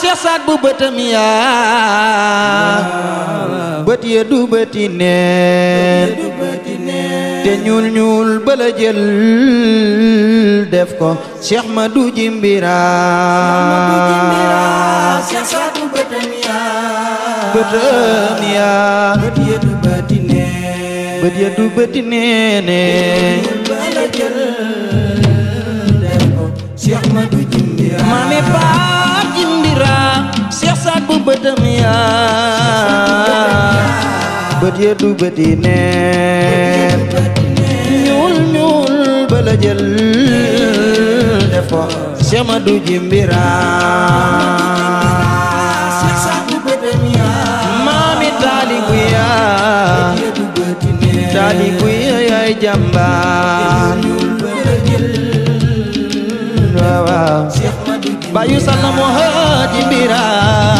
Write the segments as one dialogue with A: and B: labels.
A: siasat bu betemia bët ya du bëti neen te ñuul ñuul bala jël def ko Cheikh Madou Jimbira siasat bu betemia betemia bët ya du bëti neen ya du bëti neen dëm yaa bët moo hëj jimbiraan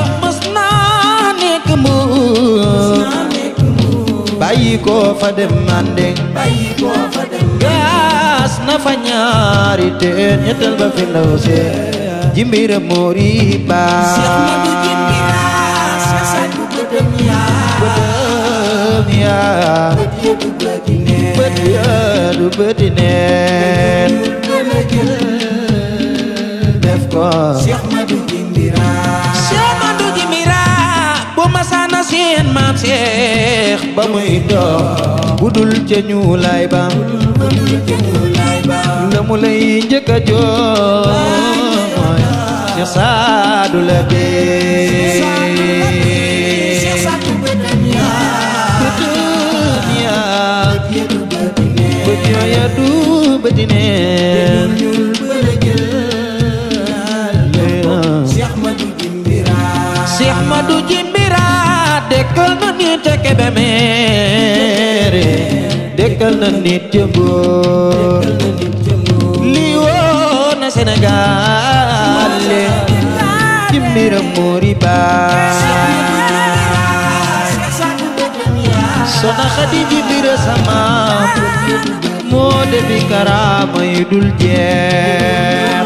A: bàyyi ko fa dem mande gaas na fa ñaari teen ñettal ba fi ndaw see jimbira moori baa bët yaa du bëti neen def ko Cheikh Madou Jimbira ana seen maam Seex ba muy dox budul a du bëti na woo na Sénégal ci mbiram Mori Baay Soxna Xadi ji bira sama moo defi karaama yu dul jeex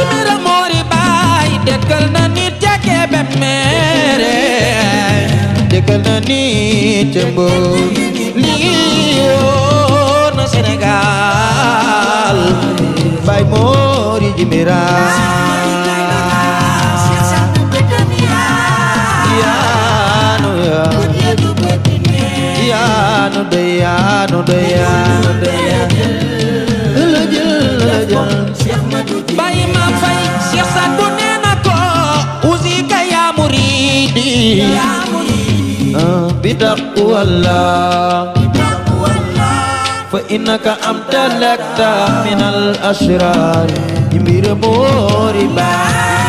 A: kanani jëmbo lii yoon na Sénégal bay moori jimira الله فإنك أمتلكت من الأشرار يمير بوري بار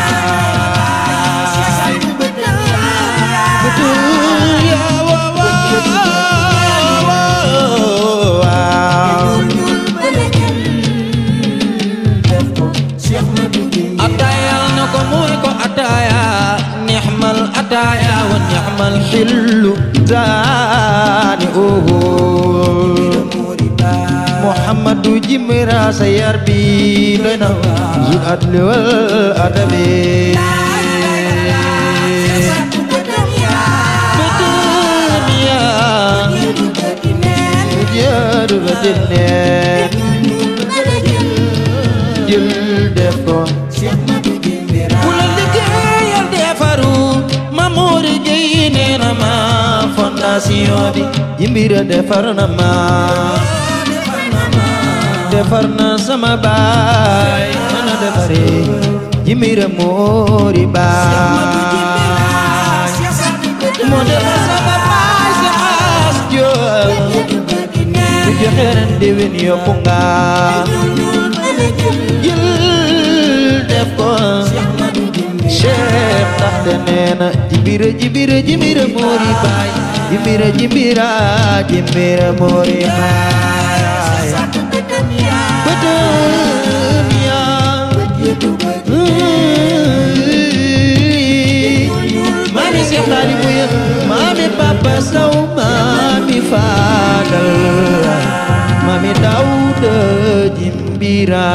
A: الحل دانئه محمد جمرا سيار بيدنا ذو العدل والأدب Jil def ko mission bi yimbira defar sama baay mana defare yimbira baay moo defar sama baay si xaas joo bu joxe ren déwén yokku nga jël def ko cheikh de Dimira, dimira, dimira, moribai Dimira, dimira, dimira, moribai Mami papa sau mami fadal Mami dauda jimbira